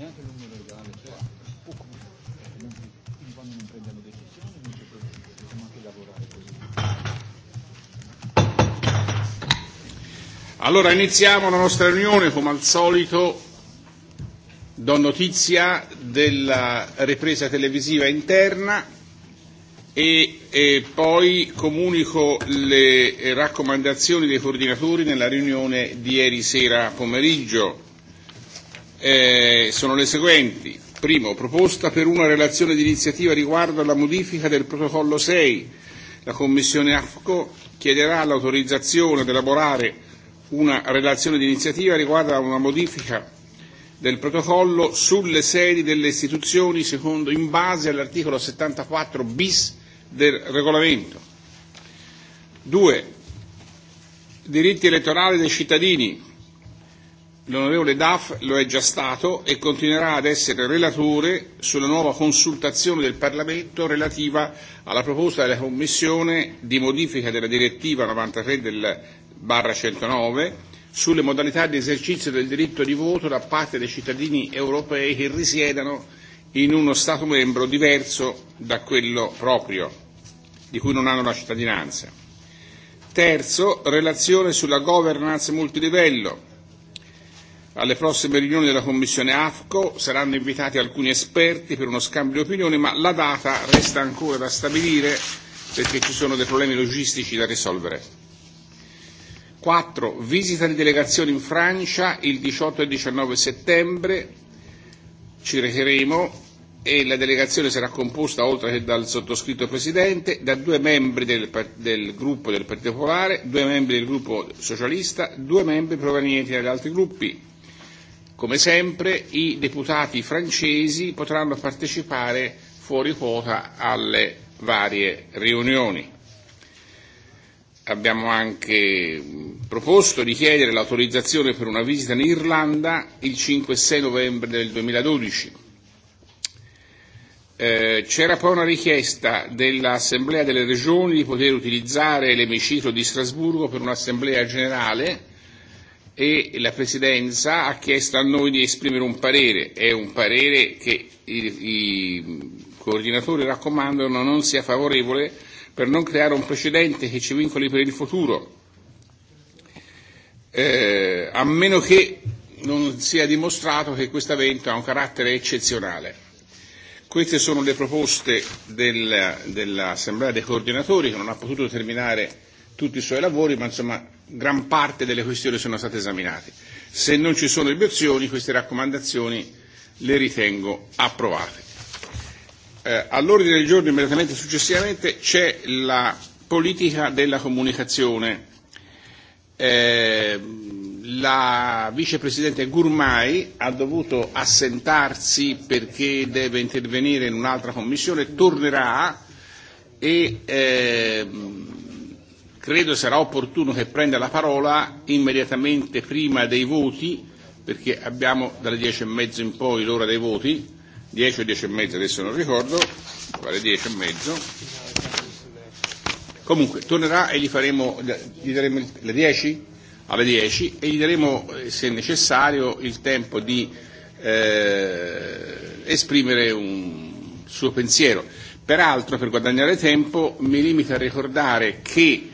neanche l'unione legale, cioè o comunque quando non prendiamo decisioni non c'è problema, possiamo anche lavorare così. Allora iniziamo la nostra riunione come al solito. Do notizia della ripresa televisiva interna e, e poi comunico le raccomandazioni dei coordinatori nella riunione di ieri sera pomeriggio eh, sono le seguenti. Primo, proposta per una relazione di iniziativa riguardo alla modifica del protocollo 6. La Commissione AFCO chiederà l'autorizzazione ad elaborare una relazione di iniziativa riguardo a una modifica del protocollo sulle sedi delle istituzioni secondo, in base all'articolo 74 bis del regolamento. 2. Diritti elettorali dei cittadini l'onorevole Duff lo è già stato e continuerà ad essere relatore sulla nuova consultazione del Parlamento relativa alla proposta della Commissione di modifica della direttiva 93 del barra 109 sulle modalità di esercizio del diritto di voto da parte dei cittadini europei che risiedano in uno Stato membro diverso da quello proprio, di cui non hanno la cittadinanza. Terzo, relazione sulla governance multilivello Alle prossime riunioni della Commissione AFCO saranno invitati alcuni esperti per uno scambio di opinioni, ma la data resta ancora da stabilire perché ci sono dei problemi logistici da risolvere. 4. Visita di delegazione in Francia il 18 e 19 settembre. Ci recheremo e la delegazione sarà composta, oltre che dal sottoscritto Presidente, da due membri del, del gruppo del Partito Popolare, due membri del gruppo socialista, due membri provenienti dagli altri gruppi, Come sempre i deputati francesi potranno partecipare fuori quota alle varie riunioni. Abbiamo anche proposto di chiedere l'autorizzazione per una visita in Irlanda il 5 e 6 novembre del 2012. Eh, c'era poi una richiesta dell'Assemblea delle Regioni di poter utilizzare l'emiciclo di Strasburgo per un'assemblea generale e la Presidenza ha chiesto a noi di esprimere un parere. È un parere che i, i coordinatori raccomandano non sia favorevole per non creare un precedente che ci vincoli per il futuro, eh, a meno che non sia dimostrato che questo evento ha un carattere eccezionale. Queste sono le proposte del, dell'Assemblea dei coordinatori che non ha potuto terminare tutti i suoi lavori, ma insomma gran parte delle questioni sono state esaminate. Se non ci sono obiezioni, queste raccomandazioni le ritengo approvate. Eh, all'ordine del giorno immediatamente successivamente c'è la politica della comunicazione. Eh, la vicepresidente Gurmai ha dovuto assentarsi perché deve intervenire in un'altra commissione, tornerà e eh, credo sarà opportuno che prenda la parola immediatamente prima dei voti, perché abbiamo dalle dieci e mezzo in poi l'ora dei voti, 10 o 10 e mezzo adesso non ricordo, pare 10 e mezzo. Comunque tornerà e gli faremo, gli daremo le 10 alle 10 e gli daremo, eh, se necessario, il tempo di eh, esprimere un suo pensiero. Peraltro, per guadagnare tempo, mi limito a ricordare che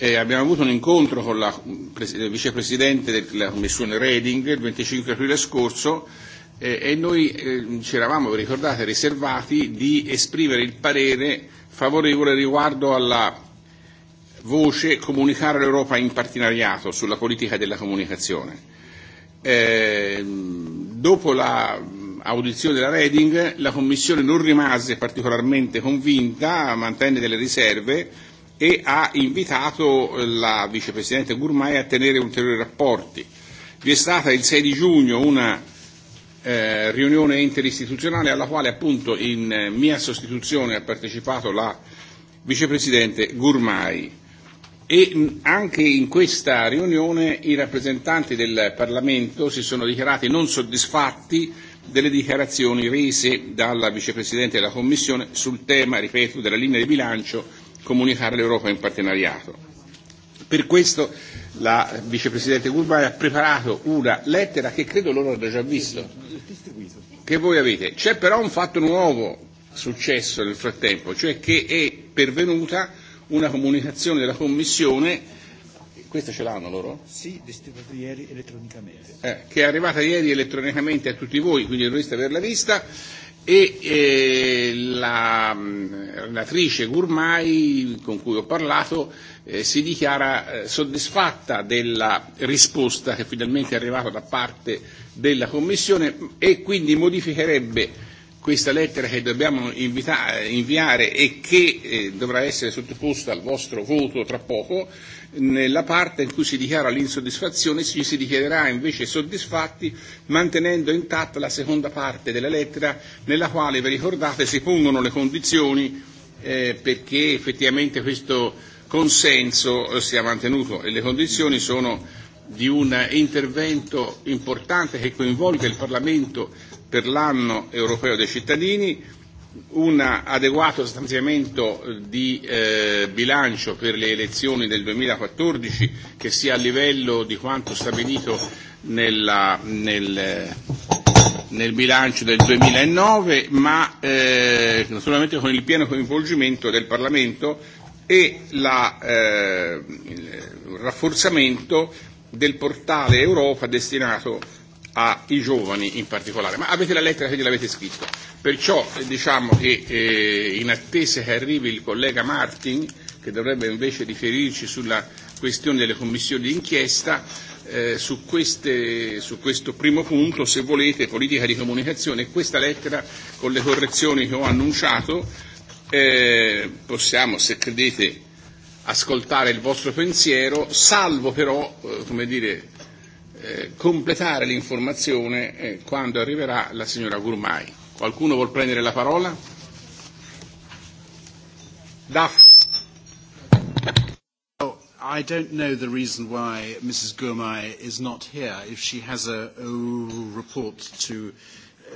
Eh, abbiamo avuto un incontro con la mm, eh, vicepresidente della Commissione Reding il 25 aprile scorso eh, e noi eh, ci eravamo, vi ricordate, riservati di esprimere il parere favorevole riguardo alla voce comunicare l'Europa in partenariato sulla politica della comunicazione. Eh, dopo l'audizione la mm, della Reding la Commissione non rimase particolarmente convinta, mantenne delle riserve e ha invitato la vicepresidente Gurmai a tenere ulteriori rapporti. Vi è stata il 6 di giugno una eh, riunione interistituzionale alla quale appunto in eh, mia sostituzione ha partecipato la vicepresidente Gurmai e mh, anche in questa riunione i rappresentanti del Parlamento si sono dichiarati non soddisfatti delle dichiarazioni rese dalla vicepresidente della Commissione sul tema, ripeto, della linea di bilancio comunicare l'Europa in partenariato. Per questo la vicepresidente Gurmai ha preparato una lettera che credo loro hanno già visto, che voi avete. C'è però un fatto nuovo successo nel frattempo, cioè che è pervenuta una comunicazione della Commissione questa ce l'hanno loro? Sì, distribuita ieri elettronicamente. Eh, che è arrivata ieri elettronicamente a tutti voi, quindi dovreste averla vista e eh, la mh, mm, relatrice Gurmai con cui ho parlato eh, si dichiara eh, soddisfatta della risposta che finalmente è arrivata da parte della Commissione e quindi modificherebbe questa lettera che dobbiamo invita- inviare e che eh, dovrà essere sottoposta al vostro voto tra poco, nella parte in cui si dichiara l'insoddisfazione ci si dichiarerà invece soddisfatti mantenendo intatta la seconda parte della lettera nella quale, vi ricordate, si pongono le condizioni eh, perché effettivamente questo consenso eh, sia mantenuto e le condizioni sono di un intervento importante che coinvolga il Parlamento per l'anno europeo dei cittadini, un adeguato stanziamento di eh, bilancio per le elezioni del 2014 che sia a livello di quanto stabilito nella, nel, nel bilancio del 2009, ma eh, naturalmente con il pieno coinvolgimento del Parlamento e la, eh, il rafforzamento del portale Europa destinato ai giovani in particolare. Ma avete la lettera che l'avete scritto. Perciò eh, diciamo che eh, in attesa che arrivi il collega Martin, che dovrebbe invece riferirci sulla questione delle commissioni d'inchiesta, eh, su, queste, su questo primo punto, se volete, politica di comunicazione, questa lettera con le correzioni che ho annunciato, eh, possiamo, se credete, ascoltare il vostro pensiero, salvo però, eh, come dire, eh, completare l'informazione eh, quando arriverà la signora Gurmai. Qualcuno vuol prendere la parola? Duff. Oh, I don't know the reason why Mrs. Gourmay is not here. If she has a, a report to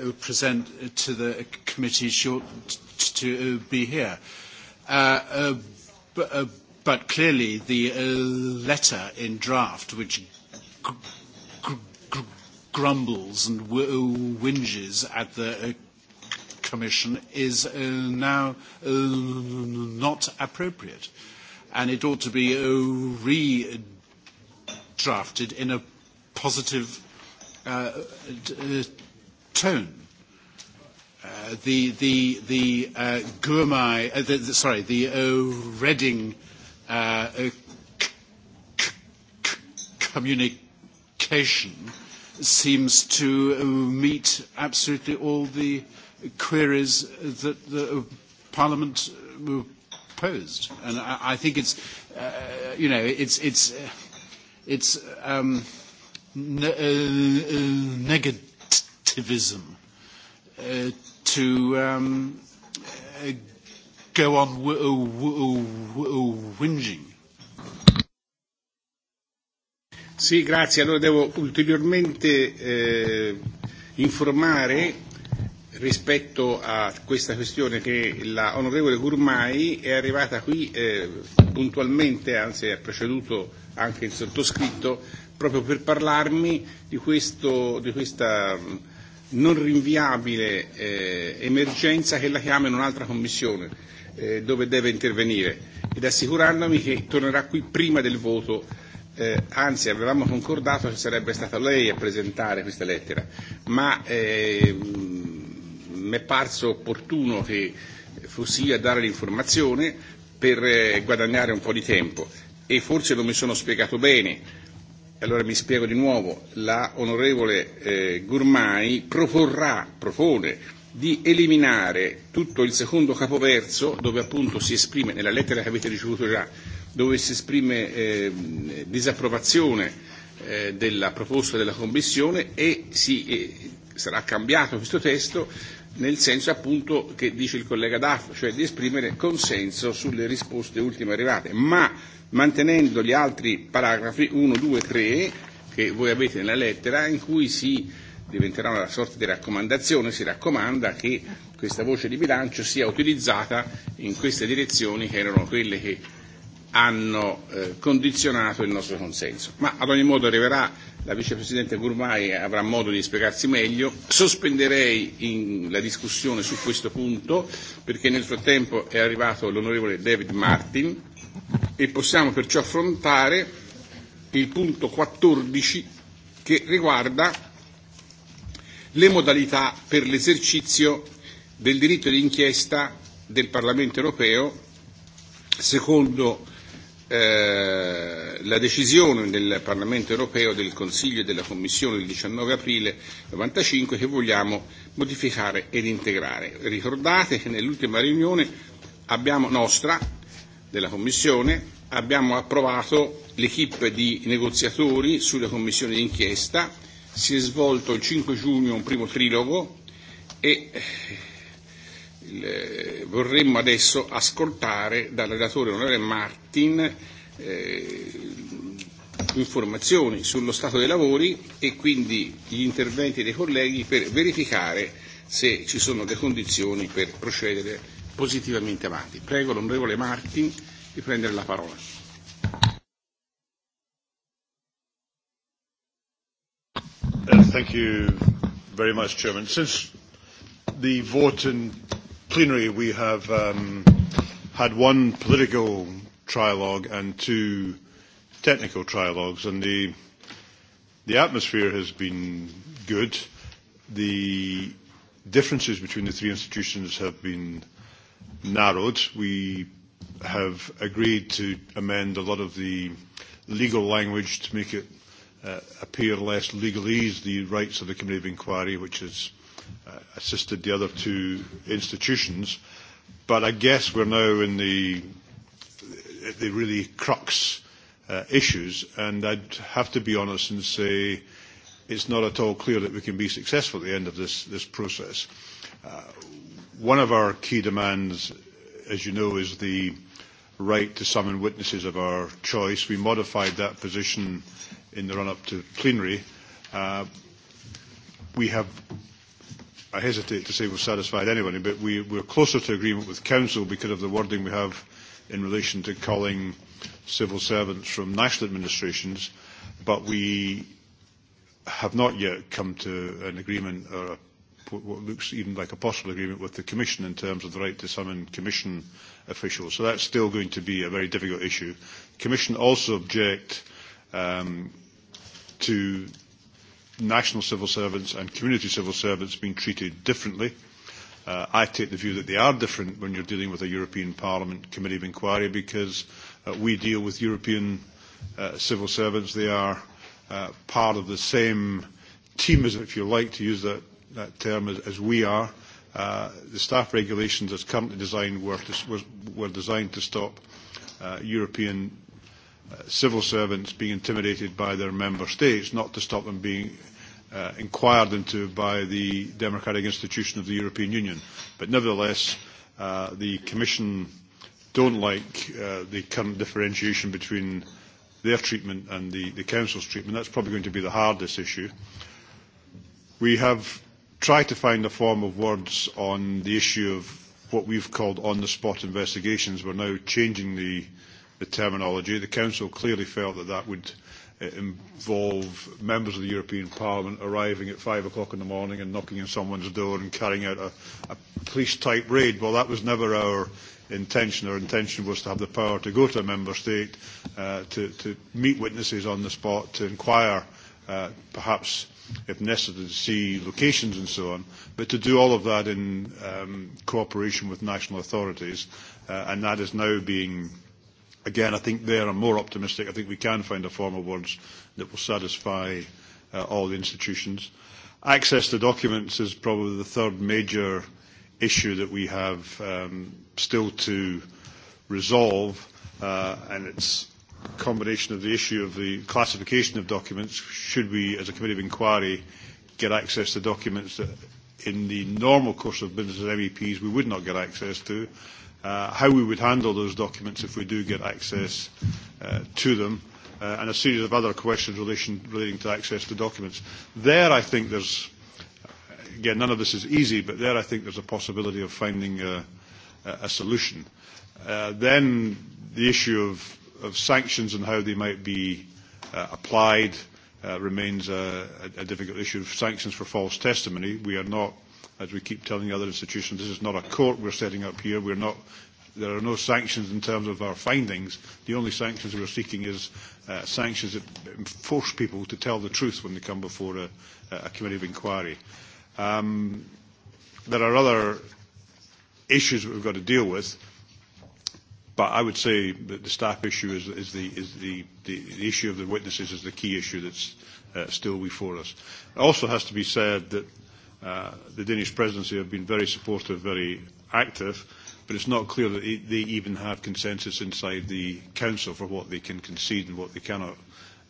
uh, present uh, to the committee, she ought to uh, be here. Uh, uh, b- uh, but clearly, the uh, letter in draft, which grumbles and w- whinges at the uh, Commission is uh, now uh, not appropriate. And it ought to be uh, redrafted in a positive uh, d- uh, tone. Uh, the the the uh, Gourmet, uh, the, the, sorry, the uh, Reading uh, uh, c- c- communication seems to uh, meet absolutely all the queries that the uh, Parliament uh, posed. And I, I think it's, uh, you know, it's, it's, uh, it's um, ne- uh, negativism uh, to um, uh, go on w- w- w- whinging. Sì, grazie. Allora devo ulteriormente eh, informare rispetto a questa questione che la onorevole Gurmai è arrivata qui eh, puntualmente, anzi ha preceduto anche il sottoscritto, proprio per parlarmi di, questo, di questa non rinviabile eh, emergenza che la chiama in un'altra commissione eh, dove deve intervenire ed assicurarmi che tornerà qui prima del voto eh, anzi avevamo concordato che sarebbe stata lei a presentare questa lettera, ma eh, mi è parso opportuno che fossi io a dare l'informazione per eh, guadagnare un po' di tempo e forse non mi sono spiegato bene. Allora mi spiego di nuovo, la onorevole eh, Gurmai proporrà, propone di eliminare tutto il secondo capoverso, dove appunto si esprime, nella lettera che avete ricevuto già, dove si esprime eh, disapprovazione eh, della proposta della Commissione e si, eh, sarà cambiato questo testo nel senso appunto che dice il collega Daff, cioè di esprimere consenso sulle risposte ultime arrivate, ma mantenendo gli altri paragrafi 1, 2, 3 che voi avete nella lettera in cui si diventerà una sorta di raccomandazione, si raccomanda che questa voce di bilancio sia utilizzata in queste direzioni che erano quelle che hanno eh, condizionato il nostro consenso. Ma ad ogni modo arriverà la vicepresidente Gurmai avrà modo di spiegarsi meglio. Sospenderei in, la discussione su questo punto perché nel frattempo è arrivato l'onorevole David Martin e possiamo perciò affrontare il punto 14 che riguarda le modalità per l'esercizio del diritto di inchiesta del Parlamento europeo secondo eh, la decisione del Parlamento europeo, del Consiglio e della Commissione del 19 aprile 1995 che vogliamo modificare ed integrare. Ricordate che nell'ultima riunione abbiamo, nostra della Commissione abbiamo approvato l'equipe di negoziatori sulle commissioni d'inchiesta si è svolto il 5 giugno un primo trilogo e eh, il, eh, vorremmo adesso ascoltare dal relatore onorevole Martin eh, informazioni sullo stato dei lavori e quindi gli interventi dei colleghi per verificare se ci sono le condizioni per procedere positivamente avanti. Prego l'onorevole Martin di prendere la parola. Thank you very much, Chairman. Since the vote in plenary, we have um, had one political trilogue and two technical trilogues, and the, the atmosphere has been good. The differences between the three institutions have been narrowed. We have agreed to amend a lot of the legal language to make it uh, appear less legalese the rights of the Committee of Inquiry, which has uh, assisted the other two institutions. But I guess we're now in the, the really crux uh, issues, and I'd have to be honest and say it's not at all clear that we can be successful at the end of this, this process. Uh, one of our key demands, as you know, is the right to summon witnesses of our choice. We modified that position in the run-up to plenary, uh, we have, I hesitate to say we've satisfied anyone, but we, we're closer to agreement with Council because of the wording we have in relation to calling civil servants from national administrations, but we have not yet come to an agreement or a, what looks even like a possible agreement with the Commission in terms of the right to summon Commission officials. So that's still going to be a very difficult issue. The Commission also object um, to national civil servants and community civil servants being treated differently. Uh, I take the view that they are different when you're dealing with a European Parliament Committee of Inquiry because uh, we deal with European uh, civil servants. They are uh, part of the same team, as if you like, to use that, that term, as, as we are. Uh, the staff regulations as currently designed were, to, were, were designed to stop uh, European Uh, civil servants being intimidated by their member states, not to stop them being uh, inquired into by the democratic institution of the European Union. But nevertheless, uh, the Commission don't like uh, the current differentiation between their treatment and the, the Council's treatment. That's probably going to be the hardest issue. We have tried to find a form of words on the issue of what we've called on-the-spot investigations. We're now changing the uh, the terminology. The Council clearly felt that that would uh, involve members of the European Parliament arriving at five o'clock in the morning and knocking on someone's door and carrying out a, a police-type raid. Well, that was never our intention. Our intention was to have the power to go to a member state, uh, to, to meet witnesses on the spot, to inquire, uh, perhaps if necessary, to see locations and so on, but to do all of that in um, cooperation with national authorities, uh, and that is now being again, I think there I'm more optimistic. I think we can find a form of words that will satisfy uh, all the institutions. Access to documents is probably the third major issue that we have um, still to resolve, uh, and it's a combination of the issue of the classification of documents. Should we, as a committee of inquiry, get access to documents that in the normal course of business as MEPs we would not get access to? Uh, uh, how we would handle those documents if we do get access uh, to them, uh, and a series of other questions relation, relating to access to documents. There, I think there's, again, none of this is easy, but there I think there's a possibility of finding uh, a, a solution. Uh, then the issue of, of sanctions and how they might be uh, applied uh, remains a, a difficult issue. Sanctions for false testimony, we are not as we keep telling other institutions, this is not a court we're setting up here. We're not, there are no sanctions in terms of our findings. The only sanctions we're seeking is uh, sanctions that force people to tell the truth when they come before a, a committee of inquiry. Um, there are other issues that we've got to deal with. But I would say that the staff issue is, is, the, is the, the, the issue of the witnesses is the key issue that's uh, still before us. It also has to be said that Uh, the Danish presidency have been very supportive, very active, but it's not clear that they even have consensus inside the Council for what they can concede and what they cannot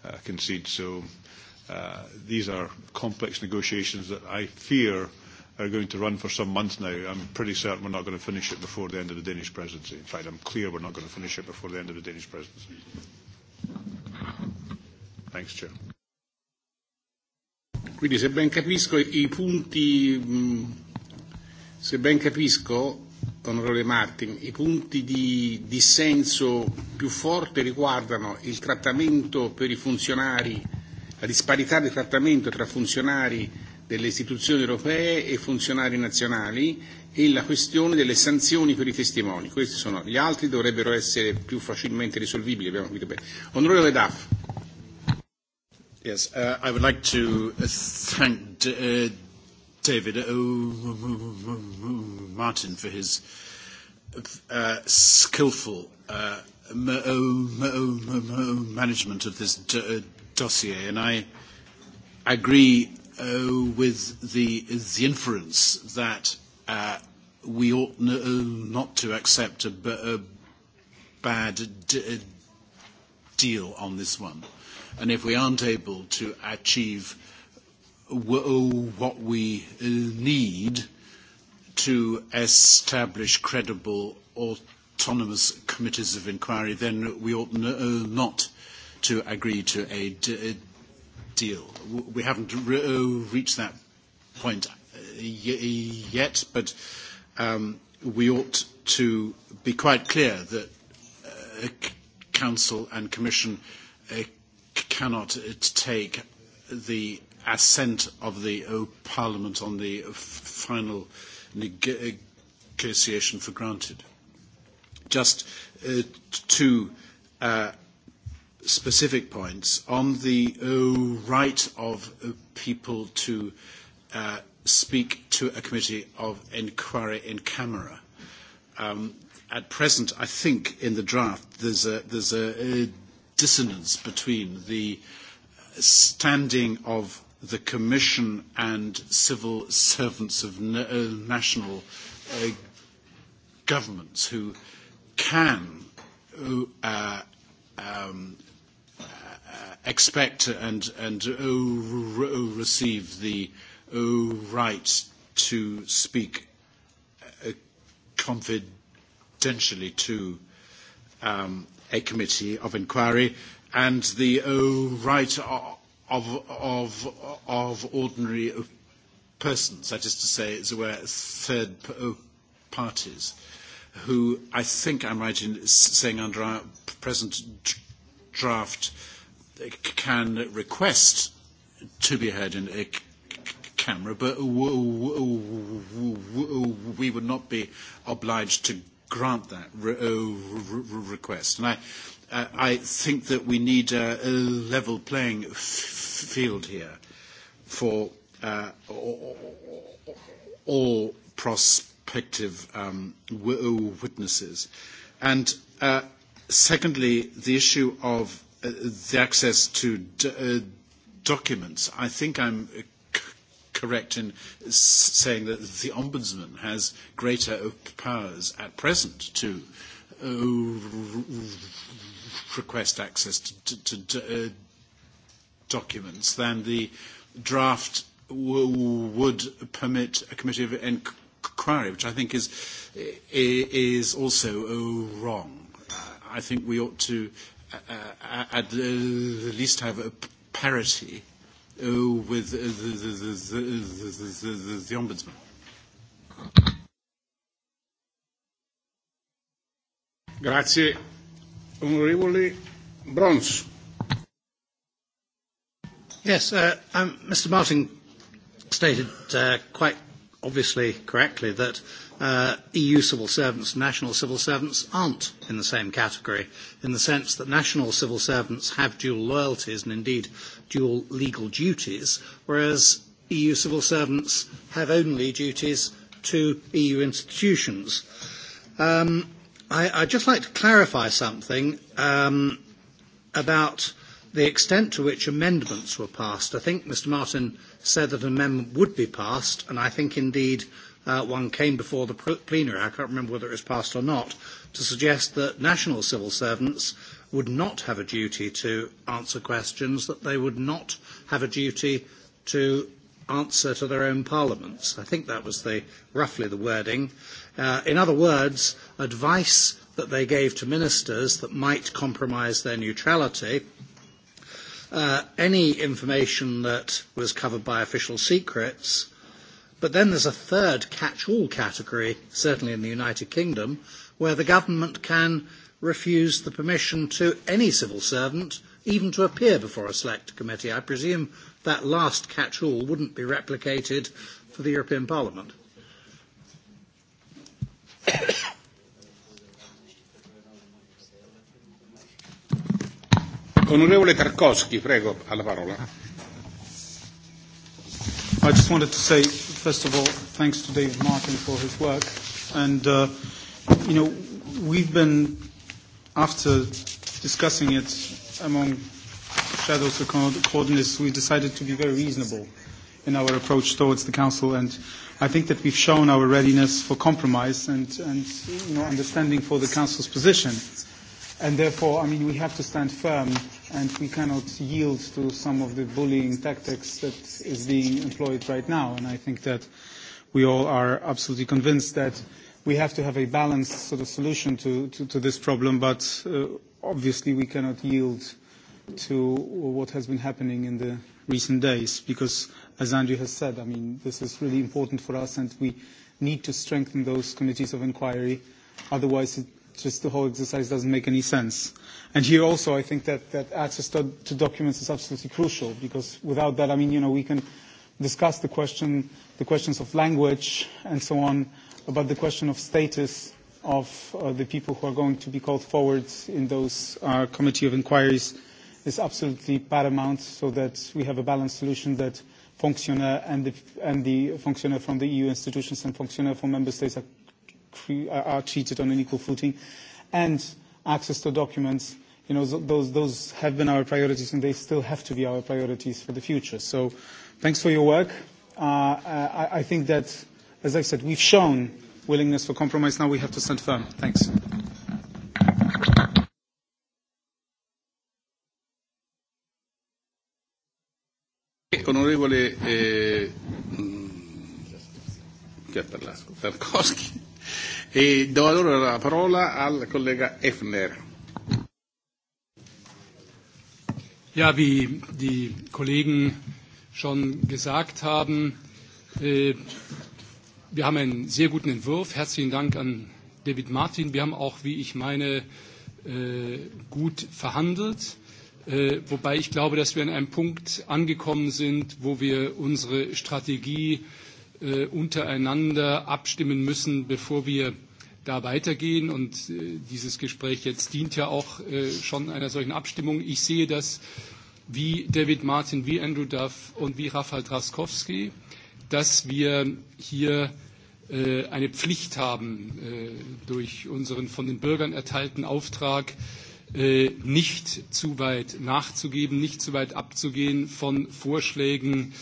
uh, concede. So uh, these are complex negotiations that I fear are going to run for some months now. I'm pretty certain we're not going to finish it before the end of the Danish presidency. In fact, I'm clear we're not going to finish it before the end of the Danish presidency. Thanks, Chair. Quindi se ben capisco i punti, mh, se ben capisco, onorevole Martin, i punti di dissenso più forte riguardano il trattamento per i funzionari, la disparità di trattamento tra funzionari delle istituzioni europee e funzionari nazionali e la questione delle sanzioni per i testimoni. Questi sono, gli altri dovrebbero essere più facilmente risolvibili, abbiamo capito bene. Onorevole Daff. Yes, uh, I would like to uh, thank D- uh, David o- uh, Martin for his uh, skillful uh, m- o- uh, m- o- m- o- management of this d- dossier, and I agree uh, with the, the inference that uh, we ought n- uh, not to accept a, b- a bad d- deal on this one. Uh, And if we aren't able to achieve w- what we uh, need to establish credible autonomous committees of inquiry, then we ought n- uh, not to agree to a, d- a deal. We haven't re- uh, reached that point uh, y- yet, but um, we ought to be quite clear that uh, Council and Commission uh, cannot take the assent of the uh, Parliament on the uh, final neg- negotiation for granted. Just uh, two uh, specific points. On the uh, right of uh, people to uh, speak to a committee of inquiry in camera, um, at present, I think in the draft, there's a, there's a, a uh, dissonance between the standing of the Commission and civil servants of na- uh, national uh, governments who can uh, um, uh, expect and, and uh, receive the uh, right to speak uh, confidentially to um, a committee of inquiry and the oh, right of, of, of ordinary persons, that is to say, as it were, third oh, parties, who I think I'm right in saying under our present draft uh, can request to be heard in a camera, but we would not be obliged to grant that re- uh, re- request. And I, uh, I think that we need a, a level playing f- field here for uh, all, all prospective um, w- uh, witnesses. And uh, secondly, the issue of uh, the access to d- uh, documents. I think I'm correct in saying that the Ombudsman has greater powers at present to uh, request access to, to, to uh, documents than the draft w- would permit a committee of inquiry, which I think is, is also uh, wrong. Uh, I think we ought to uh, uh at least have a parity uh, with uh, the, the, the, the, the, the, the Ombudsman. Grazie. Onorevole Brons. Yes, uh, um, Mr. Martin stated uh, quite obviously correctly that uh, EU civil servants and national civil servants aren't in the same category, in the sense that national civil servants have dual loyalties and indeed dual legal duties, whereas EU civil servants have only duties to EU institutions. Um, I, I'd just like to clarify something um, about the extent to which amendments were passed. I think Mr. Martin said that an amendment would be passed, and I think indeed uh, one came before the plenary, I can't remember whether it was passed or not, to suggest that national civil servants would not have a duty to answer questions that they would not have a duty to answer to their own parliaments. I think that was the, roughly the wording. Uh, in other words, advice that they gave to ministers that might compromise their neutrality, uh, any information that was covered by official secrets, but then there's a third catch-all category, certainly in the United Kingdom, where the government can uh, refused the permission to any civil servant even to appear before a select committee. I presume that last catch-all wouldn't be replicated for the European Parliament. Onorevole Tarkovsky, prego, alla parola. I just wanted to say, first of all, thanks to David Martin for his work. And, uh, you know, we've been after discussing it among shadows or co- coordinates, we decided to be very reasonable in our approach towards the Council. And I think that we've shown our readiness for compromise and, and you know, understanding for the Council's position. And therefore, I mean, we have to stand firm and we cannot yield to some of the bullying tactics that is being employed right now. And I think that we all are absolutely convinced that we have to have a balanced sort of solution to, to, to this problem, but uh, obviously we cannot yield to what has been happening in the recent days because, as Andrew has said, I mean, this is really important for us and we need to strengthen those committees of inquiry. Otherwise, it, just the whole exercise doesn't make any sense. And here also, I think that, that access to, to documents is absolutely crucial because without that, I mean, you know, we can discuss the question, the questions of language and so on, about the question of status of uh, the people who are going to be called forward in those uh, committee of inquiries is absolutely paramount so that we have a balanced solution that functionaries and the, and the functionary from the EU institutions and functionaries from member states are, are treated on an equal footing and access to documents you know, those, those have been our priorities and they still have to be our priorities for the future. So thanks for your work. Uh, I, I think that as I said, we've shown willingness for compromise. Now we have to stand firm. Thanks. Onorevole eh, chi ha parlato? Tarkovsky. E do allora la parola al collega Effner. Ja, wie die Kollegen schon gesagt haben, äh, Wir haben einen sehr guten Entwurf. Herzlichen Dank an David Martin. Wir haben auch, wie ich meine, äh, gut verhandelt. Äh, wobei ich glaube, dass wir an einem Punkt angekommen sind, wo wir unsere Strategie äh, untereinander abstimmen müssen, bevor wir da weitergehen. Und dieses Gespräch jetzt dient ja auch schon einer solchen Abstimmung. Ich sehe das wie David Martin, wie Andrew Duff und wie Rafael Draskowski dass wir hier äh, eine Pflicht haben, äh, durch unseren von den Bürgern erteilten Auftrag äh, nicht zu weit nachzugeben, nicht zu weit abzugehen von Vorschlägen,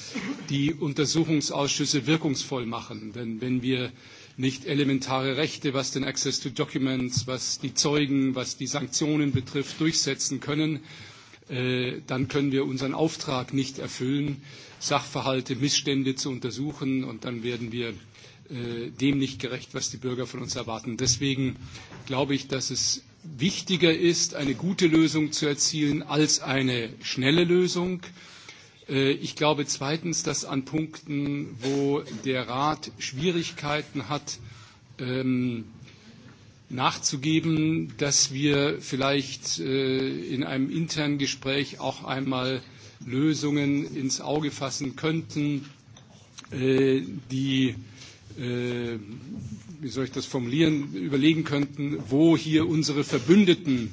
die Untersuchungsausschüsse wirkungsvoll machen. Denn wenn wir nicht elementare Rechte, was den Access to Documents, was die Zeugen, was die Sanktionen betrifft, durchsetzen können, äh, Äh, dann können wir unseren Auftrag nicht erfüllen, Sachverhalte, Missstände zu untersuchen, und dann werden wir äh, dem nicht gerecht, was die Bürger von uns erwarten. Deswegen glaube ich, dass es wichtiger ist, eine gute Lösung zu erzielen, als eine schnelle Lösung. Äh, ich glaube zweitens, dass an Punkten, wo der Rat Schwierigkeiten hat, ähm, nachzugeben, dass wir vielleicht äh, in einem internen Gespräch auch einmal Lösungen ins Auge fassen könnten, äh, die, äh, wie soll ich das formulieren, überlegen könnten, wo hier unsere Verbündeten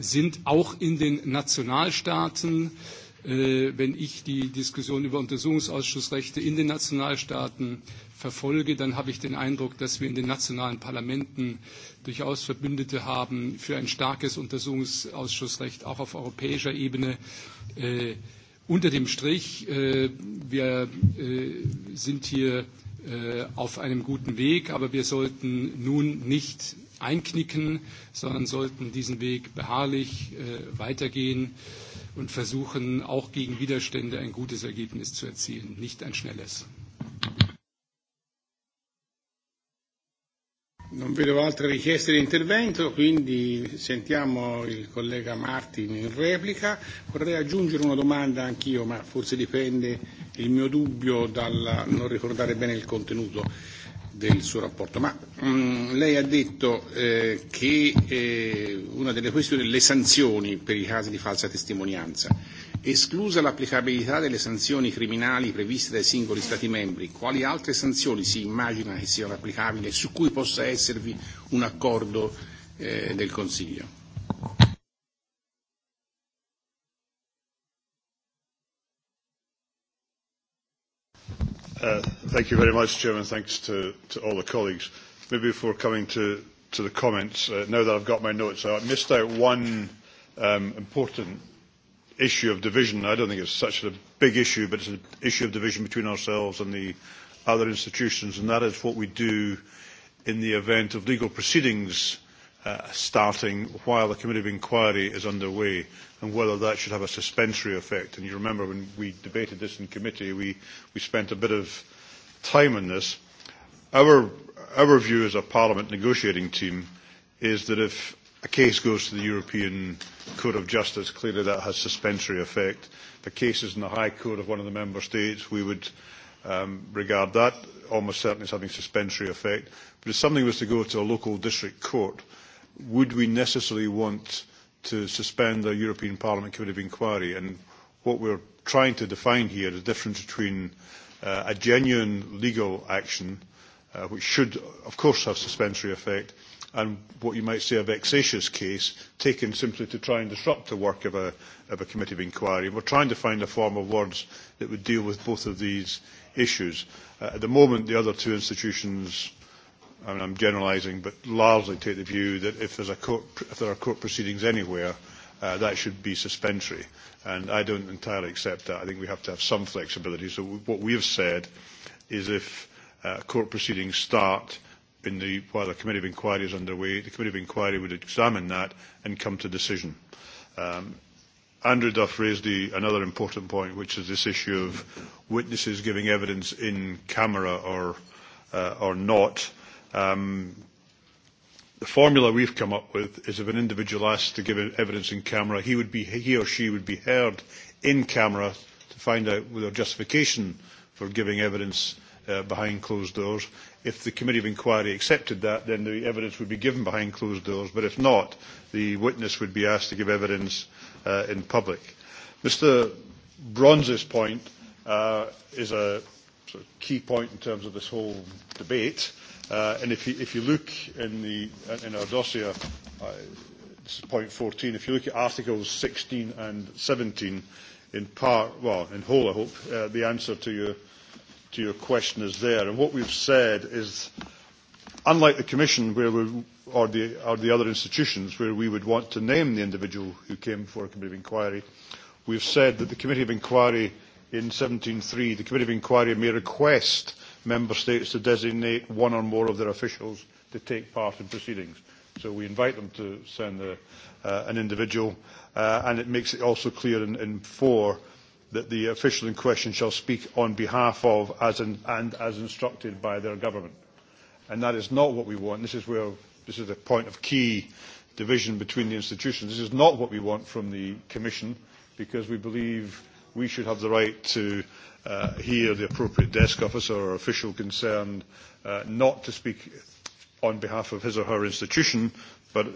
sind, auch in den Nationalstaaten. Äh, wenn ich die Diskussion über Untersuchungsausschussrechte in den Nationalstaaten verfolge, dann habe ich den Eindruck, dass wir in den nationalen Parlamenten durchaus Verbündete haben für ein starkes Untersuchungsausschussrecht, auch auf europäischer Ebene. Äh, unter dem Strich, äh, wir äh, sind hier äh, auf einem guten Weg, aber wir sollten nun nicht einknicken, sondern sollten diesen Weg beharrlich äh, weitergehen und versuchen, auch gegen Widerstände ein gutes Ergebnis zu erzielen, nicht ein schnelles. Non vedo altre richieste di intervento, quindi sentiamo il collega Martin in replica. Vorrei aggiungere una domanda anch'io, ma forse dipende il mio dubbio dal non ricordare bene il contenuto del suo rapporto. Ma mh, mm, lei ha detto eh, che eh, una delle questioni, le sanzioni per i casi di falsa testimonianza esclusa l'applicabilità delle sanzioni criminali previste dai singoli Stati membri, quali altre sanzioni si immagina che siano applicabili e su cui possa esservi un accordo eh, del Consiglio? Uh, thank you very much, Chairman. Thanks to, to all the colleagues. Maybe before coming to, to the comments, uh, now that I've got my notes, I missed out one um, important issue of division. I don't think it's such a big issue, but it's an issue of division between ourselves and the other institutions, and that is what we do in the event of legal proceedings uh, starting while the committee of inquiry is underway and whether that should have a suspensory effect. And you remember when we debated this in committee, we, we spent a bit of time on this. Our, our view as a Parliament negotiating team is that if a case goes to the European Court of Justice, clearly that has suspensory effect. If a case is in the High Court of one of the member states, we would um, regard that almost certainly as having suspensory effect. But if something was to go to a local district court, would we necessarily want to suspend the European Parliament Committee of Inquiry? And what we're trying to define here is the difference between uh, a genuine legal action, uh, which should, of course, have suspensory effect, and what you might say a vexatious case taken simply to try and disrupt the work of a, of a committee of inquiry. We're trying to find a form of words that would deal with both of these issues. Uh, at the moment, the other two institutions, I mean, I'm generalising, but largely take the view that if, there's a court, if there are court proceedings anywhere, uh, that should be suspensory. And I don't entirely accept that. I think we have to have some flexibility. So what we have said is if uh, court proceedings start, uh, in the, while the committee of inquiry is underway, the committee of inquiry would examine that and come to decision. Um, Andrew Duff raised the, another important point, which is this issue of witnesses giving evidence in camera or, uh, or not. Um, the formula we've come up with is if an individual asks to give e-, evidence in camera, he, would be, he or she would be heard in camera to find out their justification for giving evidence uh, behind closed doors. If the committee of inquiry accepted that, then the evidence would be given behind closed doors, but if not, the witness would be asked to give evidence uh, in public. Mr. Bronze's point uh, is a sort of key point in terms of this whole debate. Uh, and if you, if you look in, the, uh, in our dossier, uh, this is point 14, if you look at Articles 16 and 17, in part, well, in whole, I hope, uh, the answer to your to your questioners there. And what we've said is, unlike the Commission where we're, or, the, or the other institutions where we would want to name the individual who came before a committee of inquiry, we've said that the committee of inquiry in 17.3, the committee of inquiry may request member states to designate one or more of their officials to take part in proceedings. So we invite them to send a, uh, an individual, uh, and it makes it also clear in, in four that the official in question shall speak on behalf of as in, and as instructed by their government. And that is not what we want. This is where this is a point of key division between the institutions. This is not what we want from the Commission because we believe we should have the right to uh, hear the appropriate desk officer or official concerned uh, not to speak on behalf of his or her institution, but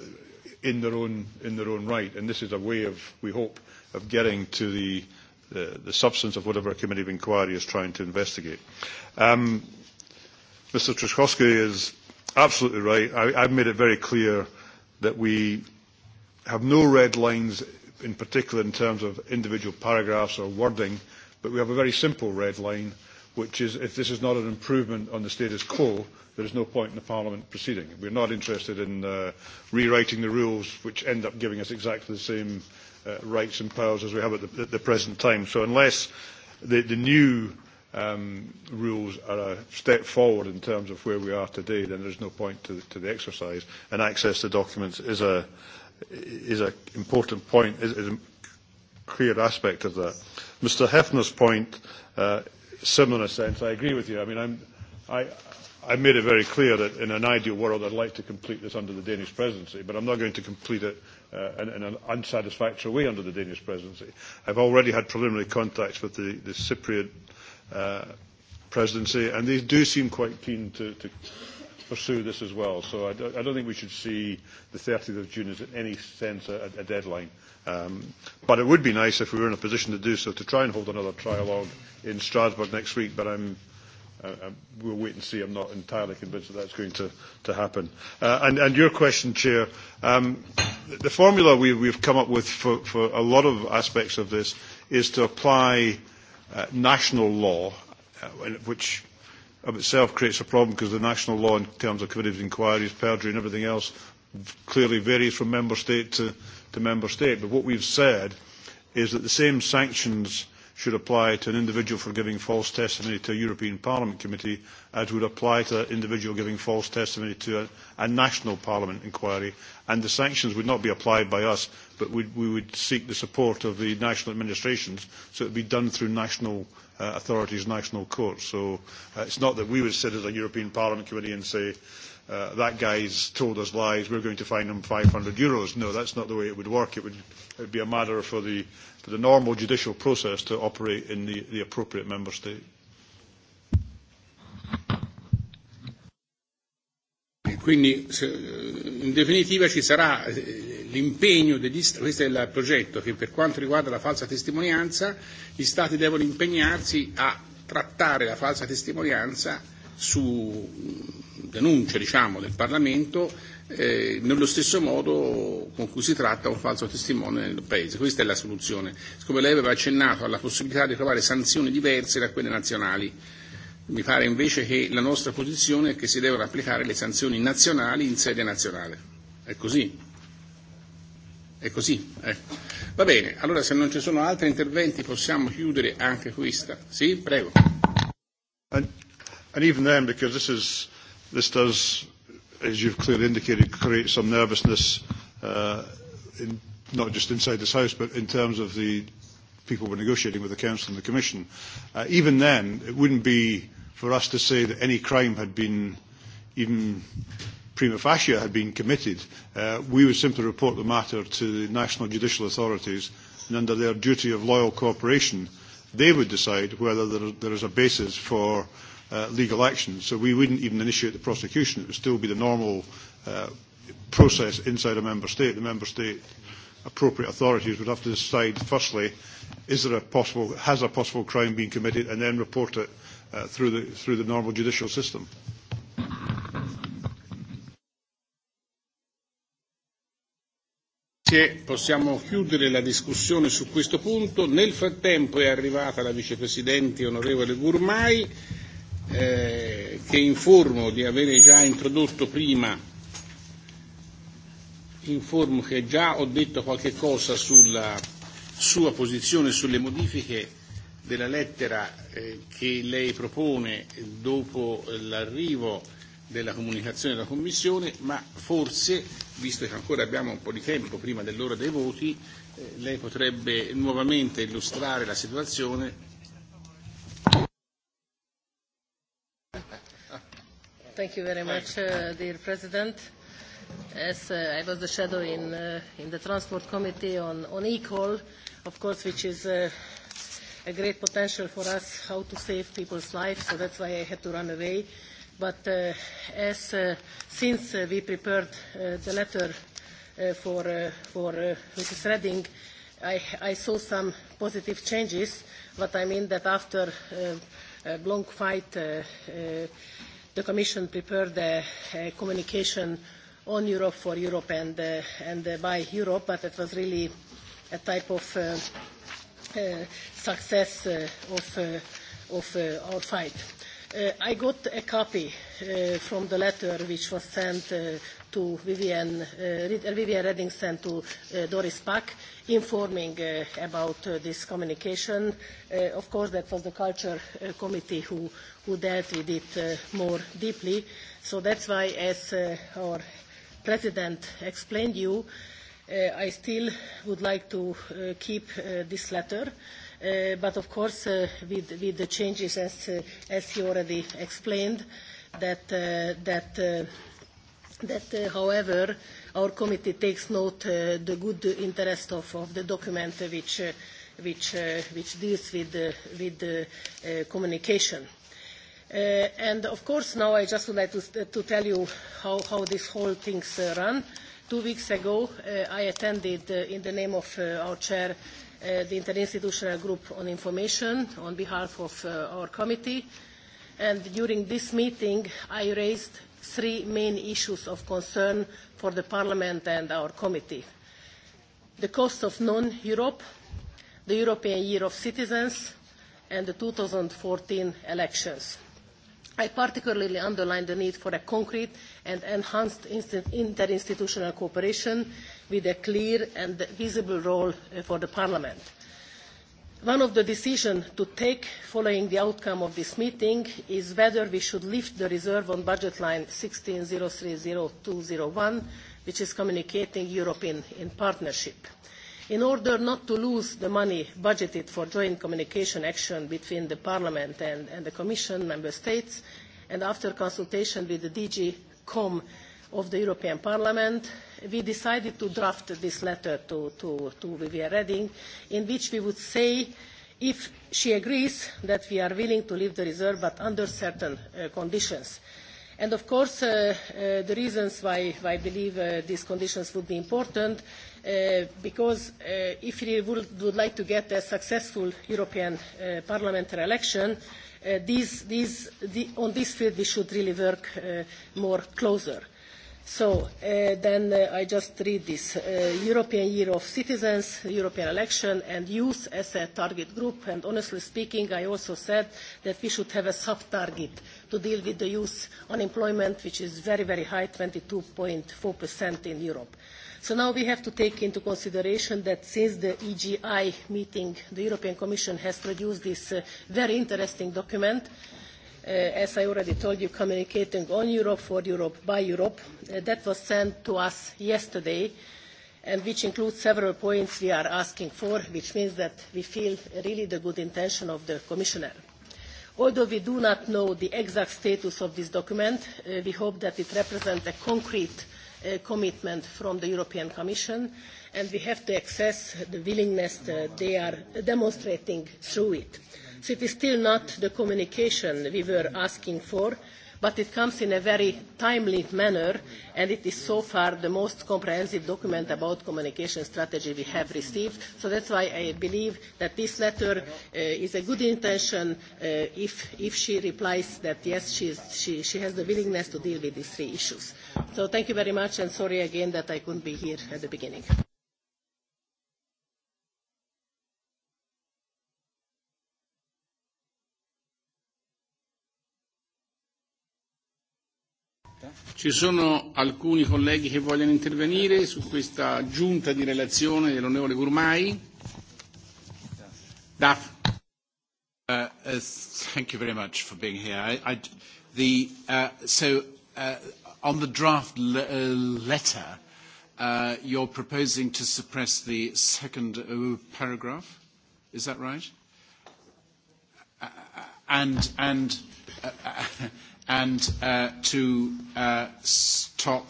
in their own, in their own right. And this is a way of, we hope, of getting to the the, the substance of whatever committee of inquiry is trying to investigate. Um, Mr. Trzaskowski is absolutely right. I, I've made it very clear that we have no red lines in particular in terms of individual paragraphs or wording, but we have a very simple red line, which is if this is not an improvement on the status quo, there is no point in the Parliament proceeding. We're not interested in uh, rewriting the rules which end up giving us exactly the same uh, uh, rights and powers as we have at the, at the present time. So unless the, the new um, rules are a step forward in terms of where we are today, then there's no point to, to the exercise. And access to documents is a is an important point, is, is a clear aspect of that. Mr. Hefner's point, uh, similar sense, I agree with you. I mean, I'm, I, I made it very clear that in an ideal world I'd like to complete this under the Danish presidency, but I'm not going to complete it uh, in, in an unsatisfactory way under the Danish presidency. I've already had preliminary contacts with the, the Cypriot uh, presidency, and they do seem quite keen to, to pursue this as well. So I, I don't think we should see the 30th of June as in any sense a, a deadline. Um, but it would be nice if we were in a position to do so, to try and hold another trialogue in Strasbourg next week, but I'm Uh, uh, we'll wait and see. I'm not entirely convinced that that's going to, to happen. Uh, and, and your question, Chair, um, the, the formula we, we've come up with for, for a lot of aspects of this is to apply uh, national law, uh, which of itself creates a problem because the national law in terms of committees of inquiries, perjury and everything else clearly varies from member state to, to member state. But what we've said is that the same sanctions – should apply to an individual for giving false testimony to a European Parliament committee as would apply to an individual giving false testimony to a, a national Parliament inquiry. And the sanctions would not be applied by us, but we'd, we would seek the support of the national administrations, so it would be done through national uh, authorities, national courts. So uh, it's not that we would sit as a European Parliament committee and say, uh, uh, that guy's told us lies, we're going to fine him 500 euros. No, that's not the way it would work. It would, it would be a matter for the, for the normal judicial process to operate in the, the appropriate member state. Quindi se, eh, in definitiva ci sarà eh, l'impegno degli Stati, questo è il progetto, che per quanto riguarda la falsa testimonianza gli Stati devono impegnarsi a trattare la falsa testimonianza su denuncia diciamo, del Parlamento eh, nello stesso modo con cui si tratta un falso testimone nel Paese. Questa è la soluzione. Siccome lei aveva accennato alla possibilità di trovare sanzioni diverse da quelle nazionali, mi pare invece che la nostra posizione è che si devono applicare le sanzioni nazionali in sede nazionale. È così. È così. Ecco. Eh. Va bene, allora se non ci sono altri interventi possiamo chiudere anche questa. Sì, prego. And, and even then, because this is This does, as you've clearly indicated, create some nervousness, uh, in, not just inside this House, but in terms of the people we're negotiating with the Council and the Commission. Uh, even then, it wouldn't be for us to say that any crime had been even prima facie had been committed, uh, we would simply report the matter to the national judicial authorities, and under their duty of loyal cooperation, they would decide whether there, there is a basis for uh, legal action. So we wouldn't even initiate the prosecution. It would still be the normal uh, process inside a member state. The member state appropriate authorities would have to decide, firstly, is there a possible, has a possible crime been committed, and then report it uh, through, the, through the normal judicial system. Grazie, possiamo chiudere la discussione su questo punto. Nel frattempo è arrivata la vicepresidente onorevole Gurmai eh, che informo di avere già introdotto prima, informo che già ho detto qualche cosa sulla sua posizione sulle modifiche della lettera eh, che lei propone dopo l'arrivo della comunicazione della Commissione, ma forse, visto che ancora abbiamo un po' di tempo prima dell'ora dei voti, eh, lei potrebbe nuovamente illustrare la situazione Thank you very much, uh, dear President. As uh, I was the shadow in, uh, in the Transport Committee on, on e-call, of course, which is uh, a great potential for us how to save people's lives, so that's why I had to run away. But uh, as, uh, since uh, we prepared uh, the letter uh, for, uh, for uh, Mrs. Redding, I, I saw some positive changes, but I mean that after uh, a long fight uh, uh, the Commission prepared a, a uh, communication on Europe for Europe and, uh, and uh, by Europe, but it was really a type of uh, uh, success uh, of, uh, of uh, our fight. Uh, I got a copy uh, from the letter which was sent uh, to Vivian, uh, Vivian Redding sent to uh, Doris Pack informing uh, about uh, this communication. Uh, of course, that was the Culture uh, Committee who, who dealt with it uh, more deeply. So that's why, as uh, our President explained you, uh, I still would like to uh, keep uh, this letter. Uh, Uh, but of course, uh, with, with the changes, as, uh, as he already explained, that, uh, that, uh, that uh, however, our committee takes note uh, the good interest of, of the document which, uh, which, uh, which deals with, uh, with uh, uh, communication. Uh, and of course, now I just would like to, to tell you how, how this whole thing uh, runs. Two weeks ago, uh, I attended, uh, in the name of uh, our chair, uh, uh, the Interinstitutional Group on Information on behalf of uh, our committee. And during this meeting, I raised three main issues of concern for the Parliament and our committee. The cost of non-Europe, the European Year of Citizens, and the 2014 elections. I particularly underline the need for a concrete and enhanced interinstitutional cooperation with a clear and visible role uh, for the Parliament. One of the decisions to take following the outcome of this meeting is whether we should lift the reserve on budget line 1603001, which is communicating Europe in, in partnership. In order not to lose the money budgeted for joint communication action between the Parliament and, and the Commission, Member States, and after consultation with the DG COM, of the European Parliament, we decided to draft this letter to, to, to Viviane Redding, in which we would say if she agrees that we are willing to leave the reserve, but under certain uh, conditions. And of course, uh, uh, the reasons why, why I believe uh, these conditions would be important, uh, because uh, if we would, would like to get a successful European uh, parliamentary election, uh, these, these, the, on this field we should really work uh, more closer. Uh, So uh, then uh, I just read this. Uh, European Year of Citizens, European Election and Youth as a target group. And honestly speaking, I also said that we should have a sub-target to deal with the youth unemployment, which is very, very high, 22.4% in Europe. So now we have to take into consideration that since the EGI meeting, the European Commission has produced this uh, very interesting document, uh, uh, as I already told you, communicating on Europe, for Europe, by Europe. Uh, that was sent to us yesterday, and which includes several points we are asking for, which means that we feel really the good intention of the Commissioner. Although we do not know the exact status of this document, uh, we hope that it represents a concrete uh, commitment from the European Commission, and we have to access the willingness uh, they are demonstrating through it. Uh, So it is still not the communication we were asking for, but it comes in a very timely manner, and it is so far the most comprehensive document about communication strategy we have received. So that's why I believe that this letter uh, is a good intention uh, if, if she replies that yes, she, is, she, she has the willingness to deal with these three issues. So thank you very much, and sorry again that I couldn't be here at the beginning. Ci sono alcuni colleghi che vogliono intervenire su questa giunta di relazione dell'onorevole Gurmai? Daf. Uh, uh, thank you very much for being here. I, I, the, uh, so uh, on the draft le uh, letter, uh, you're proposing to suppress the second uh, paragraph. Is that right? Uh, uh and and uh, uh and uh, to uh, stop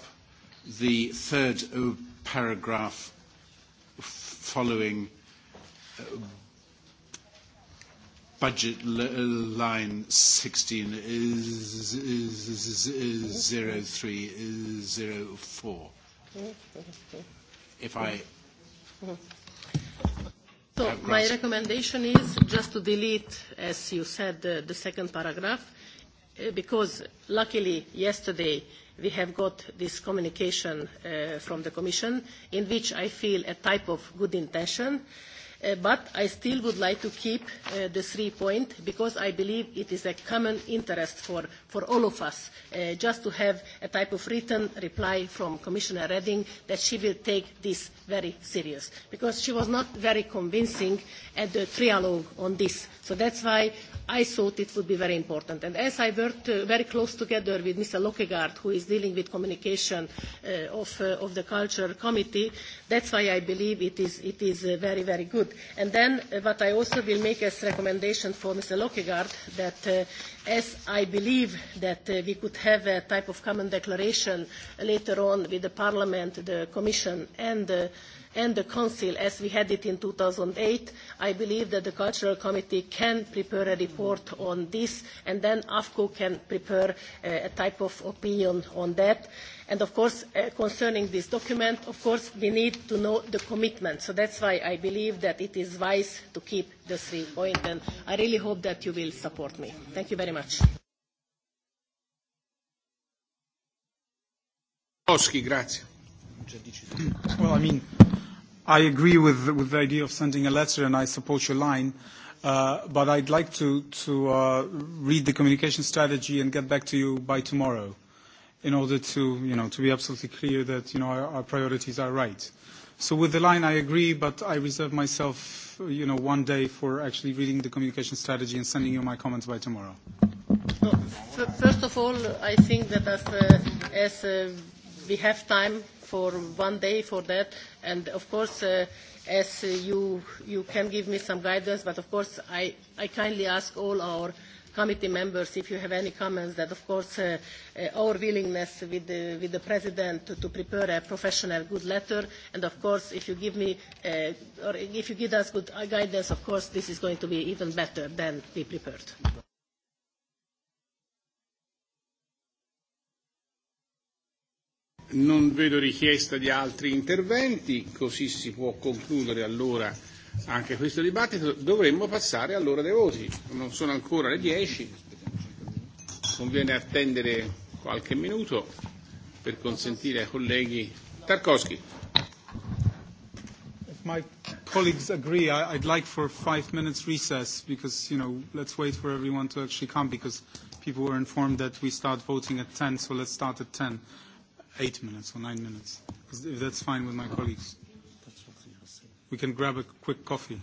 the third uh, paragraph following uh, budget l- line 160304. Uh, If I. So my recommendation is just to delete, as you said, uh, the second paragraph Uh, because luckily yesterday we have got this communication uh, from the Commission in which I feel a type of good intention. Uh, but I still would like to keep uh, the three point because I believe it is a common interest for, for all of us uh, just to have a type of written reply from Commissioner Redding that she will take this very serious because she was not very convincing at the trialogue on this. So that's why I thought it would be very important. And as I worked uh, very close together with Mr. Lockegaard, who is dealing with communication uh, of, uh, of the Culture Committee, that's why I believe it is, it is uh, very, very good. And then uh, what I also will make as recommendation for Mr. Lockegaard, that uh, as I believe that uh, we could have a type of common declaration later on with the Parliament, the Commission, and the uh, and the Council as we had it in 2008. I believe that the Cultural Committee can prepare a report on this and then AFCO can prepare a, uh, a type of opinion on that. And of course, uh, concerning this document, of course, we need to know the commitment. So that's why I believe that it is wise to keep the three point, and I really hope that you will support me. Thank you very much. Oschi, grazie. Well, I mean, I agree with, with the idea of sending a letter, and I support your line. Uh, but I'd like to, to uh, read the communication strategy and get back to you by tomorrow in order to, you know, to be absolutely clear that, you know, our, our priorities are right. So with the line, I agree, but I reserve myself, you know, one day for actually reading the communication strategy and sending you my comments by tomorrow. So, first of all, I think that as, uh, as uh, we have time for one day for that. And of course, uh, as you, you can give me some guidance, but of course, I, I kindly ask all our committee members if you have any comments that of course uh, uh, our willingness with the, with the president to, to prepare a professional good letter and of course if you give me uh, or if you give us good guidance of course this is going to be even better than we prepared. Non vedo richiesta di altri interventi, così si può concludere allora anche questo dibattito. Dovremmo passare all'ora dei voti. Non sono ancora le 10, conviene attendere qualche minuto per consentire ai colleghi. Tarkovsky. If my colleagues agree, I, I'd like for five minutes recess because, you know, let's wait for everyone to actually come because people were informed that we start voting at 10, so let's start at 10 eight minutes or nine minutes, if that's fine with my colleagues. We can grab a quick coffee.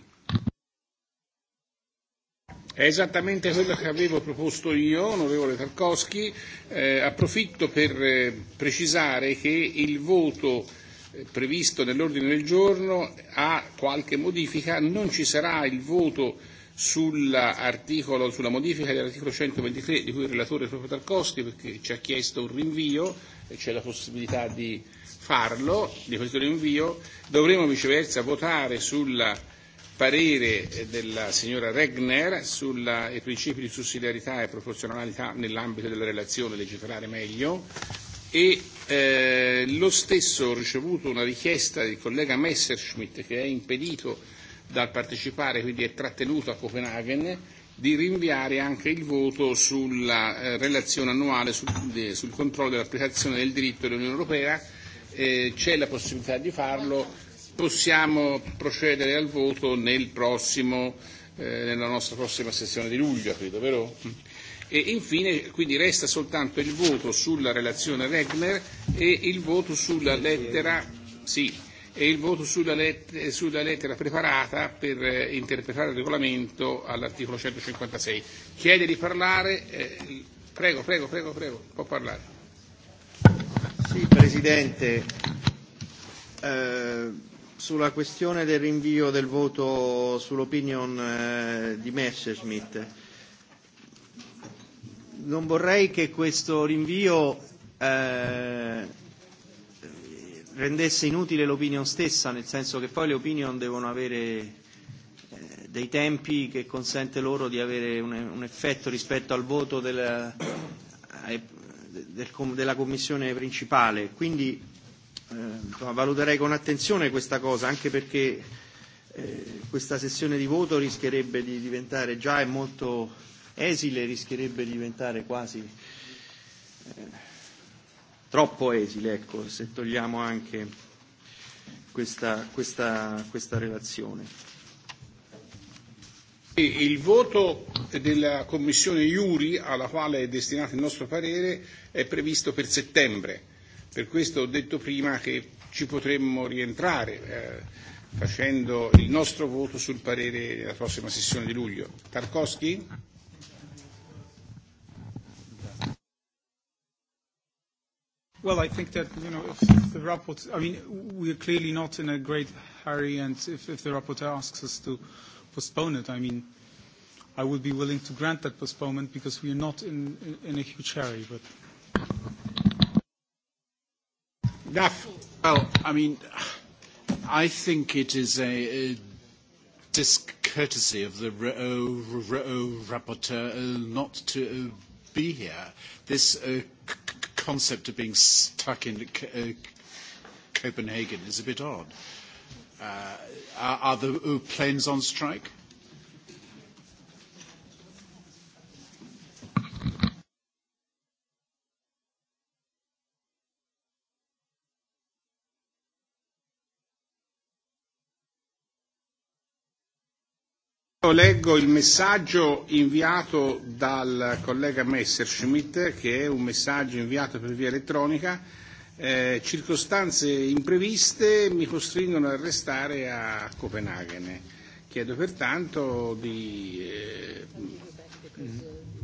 È esattamente quello che avevo proposto io, onorevole Tarkovsky. Eh, approfitto per eh, precisare che il voto eh, previsto nell'ordine del giorno ha qualche modifica, non ci sarà il voto sull'articolo, sulla modifica dell'articolo 123 di cui il relatore è proprio Tarkovsky perché ci ha chiesto un rinvio E c'è la possibilità di farlo, di questo rinvio, dovremo viceversa votare sul parere della signora Regner sui principi di sussidiarietà e proporzionalità nell'ambito della relazione legiferare meglio e eh, lo stesso ho ricevuto una richiesta del collega Messerschmidt che è impedito dal partecipare, quindi è trattenuto a Copenaghen di rinviare anche il voto sulla eh, relazione annuale sul, de, sul controllo dell'applicazione del diritto dell'Unione Europea. Eh, c'è la possibilità di farlo, possiamo procedere al voto nel prossimo, eh, nella nostra prossima sessione di luglio, credo, vero? E infine, quindi resta soltanto il voto sulla relazione Regner e il voto sulla lettera, sì, e il voto sulla, let- sulla lettera preparata per eh, interpretare il regolamento all'articolo 156. Chiede di parlare, eh, prego, prego, prego, prego, può parlare. Sì, Presidente, eh, sulla questione del rinvio del voto sull'opinion eh, di Messerschmitt, non vorrei che questo rinvio eh, rendesse inutile l'opinion stessa, nel senso che poi le opinion devono avere eh, dei tempi che consente loro di avere un, un effetto rispetto al voto della, ai, eh, del, della commissione principale. Quindi eh, insomma, valuterei con attenzione questa cosa, anche perché eh, questa sessione di voto rischierebbe di diventare già è molto esile, rischierebbe di diventare quasi eh, troppo esile, ecco, se togliamo anche questa, questa, questa relazione. E il voto della Commissione Iuri, alla quale è destinato il nostro parere, è previsto per settembre. Per questo ho detto prima che ci potremmo rientrare eh, facendo il nostro voto sul parere della prossima sessione di luglio. Tarkovsky? Well, I think that, you know, if the rapporteur, I mean, we're clearly not in a great hurry, and if, if the rapporteur asks us to postpone it, I mean, I would be willing to grant that postponement because we are not in, in, in a huge hurry, but. Gaff. Well, I mean, I think it is a, a discourtesy of the rapporteur uh, not to uh, be here. This uh, concept of being stuck in uh, Copenhagen is a bit odd. Uh, are, are the uh, planes on strike? Leggo il messaggio inviato dal collega Messerschmidt, che è un messaggio inviato per via elettronica. Eh, circostanze impreviste mi costringono a restare a Copenaghen. Chiedo pertanto di. Eh,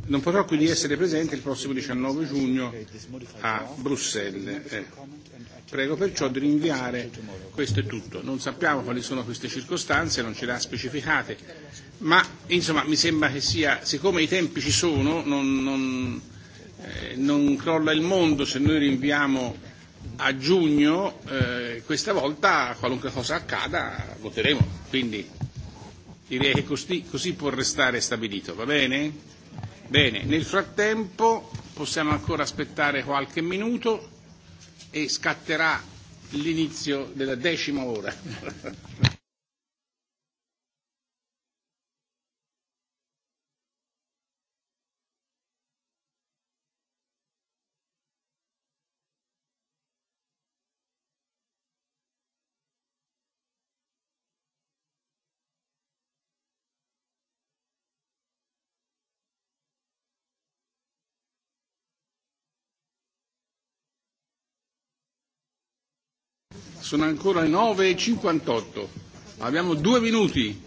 non potrò quindi essere presente il prossimo 19 giugno a Bruxelles. Eh, prego perciò di rinviare. Questo è tutto. Non sappiamo quali sono queste circostanze, non ce le ha specificate ma insomma mi sembra che sia, siccome i tempi ci sono, non, non, eh, non crolla il mondo se noi rinviamo a giugno, eh, questa volta qualunque cosa accada voteremo, quindi direi che così, così può restare stabilito, va bene? Bene, nel frattempo possiamo ancora aspettare qualche minuto e scatterà l'inizio della decima ora. sono ancora le 9.58. E Abbiamo due minuti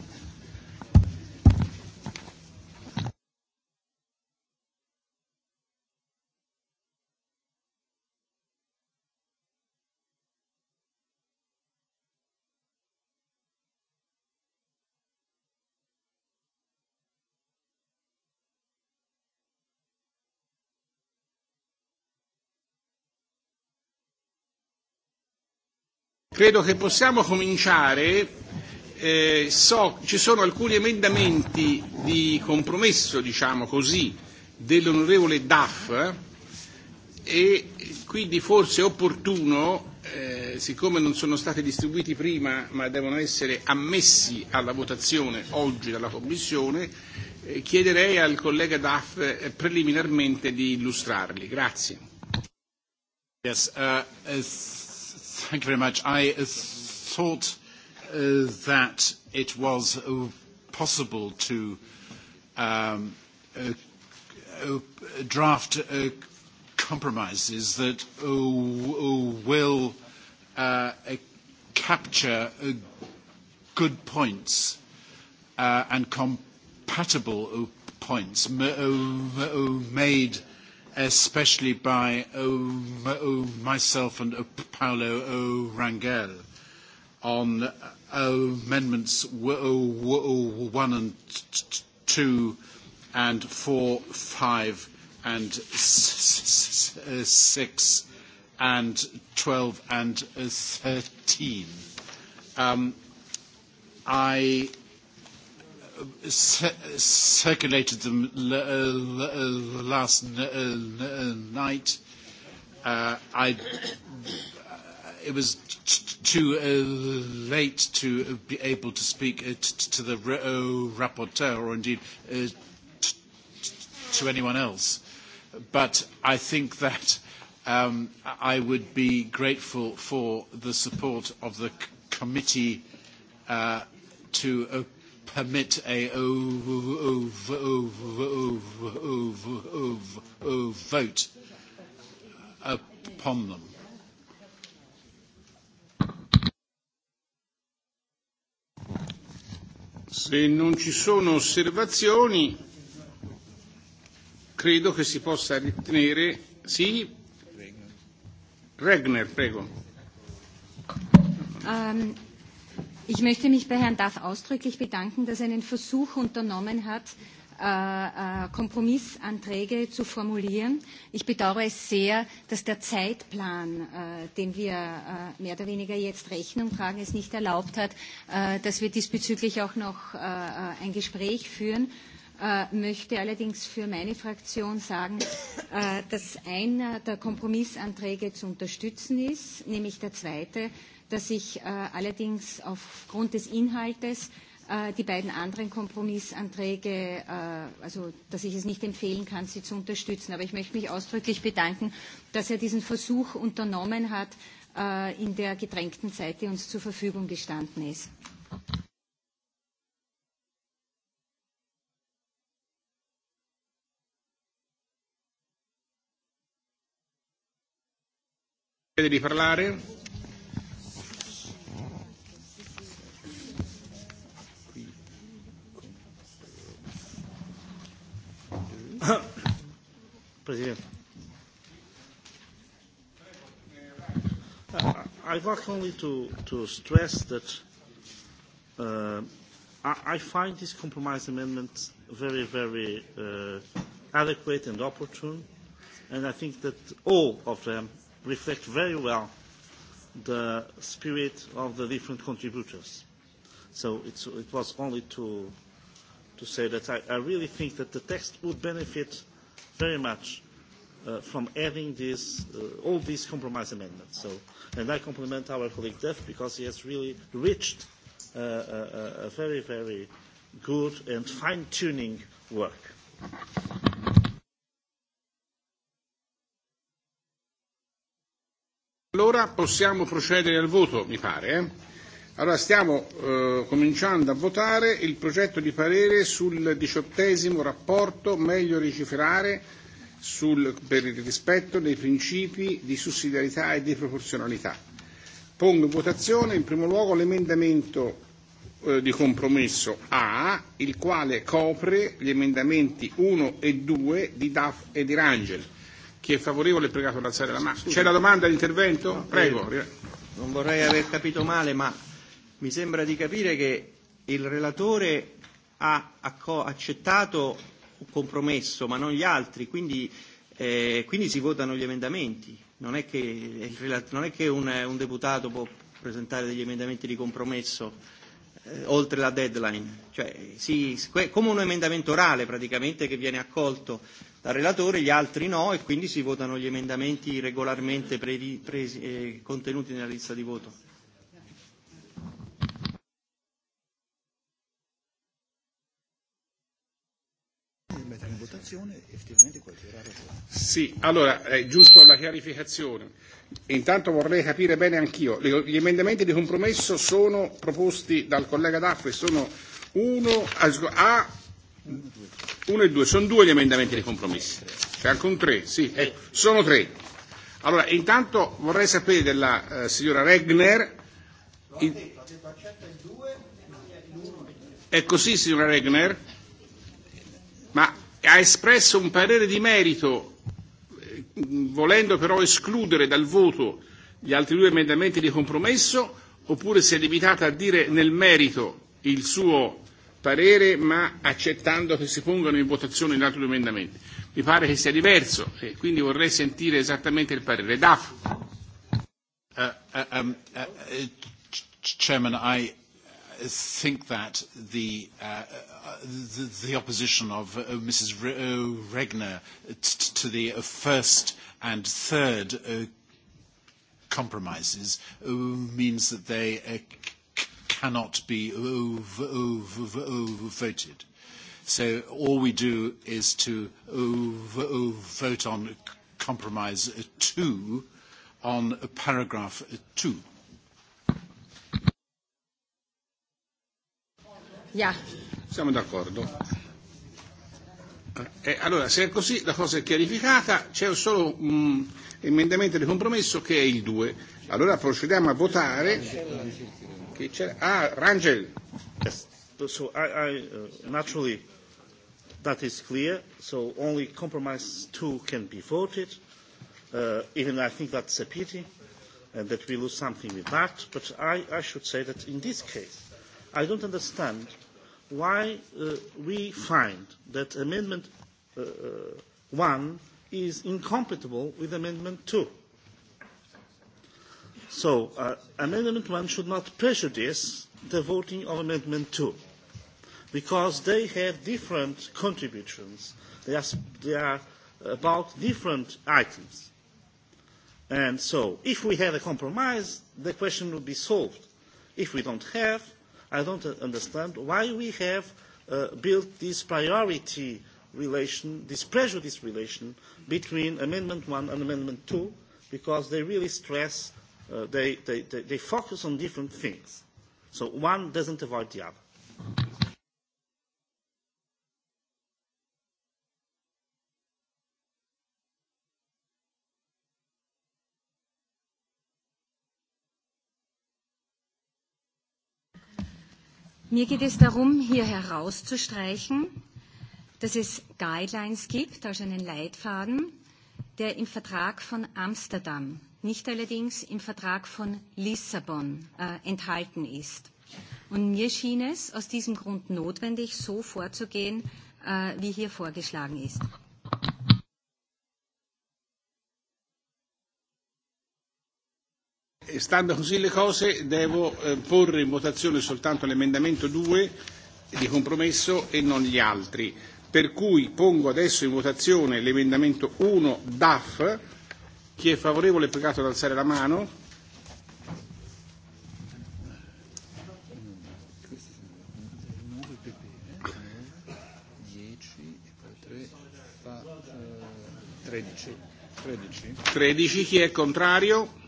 Credo che possiamo cominciare. Eh, so, ci sono alcuni emendamenti di compromesso, diciamo così, dell'onorevole Duff e quindi forse è opportuno, eh, siccome non sono stati distribuiti prima ma devono essere ammessi alla votazione oggi dalla Commissione, eh, chiederei al collega Duff eh, preliminarmente di illustrarli. Grazie. Yes, uh, as Thank you very much. I uh, thought uh, that it was uh, possible to um, uh, uh, draft uh, compromises that uh, will uh, uh capture uh, good points uh, and compatible uh, points m- uh, uh made uh, especially by oh, oh, myself and oh, Paolo oh, Rangel on oh, amendments oh, oh, 1 and 2 and 4, 5 and 6 and 12 and 13. Um, I circulated them l- uh, l- l- uh, last n- uh, n- night. Uh, I, it was t- too uh, late to be able to speak uh, t- to the re- uh, rapporteur or indeed uh, t- to anyone else. But I think that um, I would be grateful for the support of the c- committee uh, to uh, permit a vote upon them. Se non ci sono osservazioni, credo che si possa ritenere. Sì? Regner, prego. Um, Ich möchte mich bei Herrn Duff ausdrücklich bedanken, dass er einen Versuch unternommen hat, äh, äh, Kompromissanträge zu formulieren. Ich bedauere es sehr, dass der Zeitplan, äh, dem wir mehr oder weniger jetzt Rechnung tragen, es nicht erlaubt hat, dass wir diesbezüglich auch noch ein Gespräch führen. Ich möchte allerdings für meine Fraktion sagen, dass einer der Kompromissanträge zu unterstützen ist, nämlich der zweite, dass ich äh, allerdings aufgrund des Inhaltes äh, die beiden anderen Kompromissanträge, äh, also dass ich es nicht empfehlen kann, sie zu unterstützen. Aber ich möchte mich ausdrücklich bedanken, dass er diesen Versuch unternommen hat, äh, in der gedrängten Zeit, die uns zur Verfügung gestanden ist. di parlare? President. I want only to, to stress that uh, I, I find this compromise amendment very, very uh, adequate and opportune, and I think that all of them reflect very well the spirit of the different contributors. So it's, it was only to, to say that I, I really think that the text would benefit very much uh, from adding this, uh, all these compromise amendments. So, and I compliment our colleague Duff because he has really reached uh, a, uh, a very, very good and fine-tuning work. Allora possiamo procedere al voto, mi pare. Eh? Allora stiamo eh, cominciando a votare il progetto di parere sul diciottesimo rapporto meglio reciferare sul, per il rispetto dei principi di sussidiarietà e di proporzionalità. Pongo in votazione in primo luogo l'emendamento eh, di compromesso A, il quale copre gli emendamenti 1 e 2 di DAF e di Rangel. Chi è favorevole è pregato ad alzare la mano. C'è la domanda di intervento? Prego. Non vorrei aver capito male, ma mi sembra di capire che il relatore ha accettato un compromesso, ma non gli altri, quindi, eh, quindi si votano gli emendamenti. Non è che, il, non è che un, un deputato può presentare degli emendamenti di compromesso eh, oltre la deadline. Cioè, si, come un emendamento orale praticamente che viene accolto dal relatore, gli altri no e quindi si votano gli emendamenti regolarmente predi, presi, eh, contenuti nella lista di voto. mettere in votazione effettivamente qualche raro Sì, allora è giusto la chiarificazione. Intanto vorrei capire bene anch'io. Gli emendamenti di compromesso sono proposti dal collega D'Acqua e sono 1 ah, a 1 e 2. Sono due gli emendamenti di compromesso. C'è anche un 3, sì, ecco, sono 3. Allora, intanto vorrei sapere della eh, signora Regner. Lo ha detto, ha detto accetta il 2 e non il 1. È così, signora Regner? Ma E ha espresso un parere di merito, eh, volendo però escludere dal voto gli altri due emendamenti di compromesso, oppure si è limitata a dire nel merito il suo parere, ma accettando che si pongano in votazione gli altri due emendamenti. Mi pare che sia diverso e quindi vorrei sentire esattamente il parere. DAF. Uh, uh, um, uh, uh, Chairman, I think that the, uh, uh, the, the opposition of uh, Mrs. Re- uh, Regner t- to the uh, first and third uh, compromises uh, means that they uh, c- cannot be uh, v- uh, v- uh, voted. So all we do is to uh, v- uh, vote on compromise two on paragraph two Yeah. Siamo d'accordo. Eh, eh, allora, se è così, la cosa è chiarificata, c'è solo un emendamento di compromesso che è il 2. Allora procediamo a votare. Che c'è? Ah, Rangel. Yes. So I, I, uh, naturally, that is clear. So only compromise 2 can be voted. Uh, even I think that's a pity, and uh, that we lose something with that. But I, I should say that in this case, I don't understand why uh, we find that Amendment uh, uh, 1 is incompatible with Amendment 2. So uh, Amendment 1 should not prejudice the voting of Amendment 2 because they have different contributions. They are, they are about different items. And so if we have a compromise, the question would be solved. If we don't have, I don't understand why we have uh, built this priority relation, this prejudice relation between Amendment 1 and Amendment 2, because they really stress, uh, they, they, they, they focus on different things. So one doesn't avoid the other. Mir geht es darum, hier herauszustreichen, dass es Guidelines gibt, also einen Leitfaden, der im Vertrag von Amsterdam, nicht allerdings im Vertrag von Lissabon äh, enthalten ist. Und mir schien es aus diesem Grund notwendig, so vorzugehen, äh, wie hier vorgeschlagen ist. stando così le cose, devo eh, porre in votazione soltanto l'emendamento 2 di compromesso e non gli altri. Per cui pongo adesso in votazione l'emendamento 1 DAF. Chi è favorevole è pregato ad alzare la mano. Eh, eh, tredici. Chi è contrario?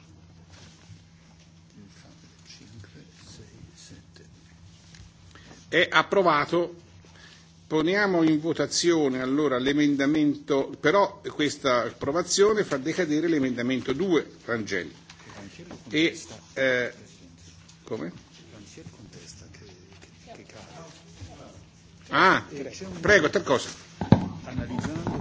È approvato. Poniamo in votazione allora l'emendamento, però questa approvazione fa decadere l'emendamento 2, Rangel. E, eh, come? Ah, prego, tal cosa. Analizzando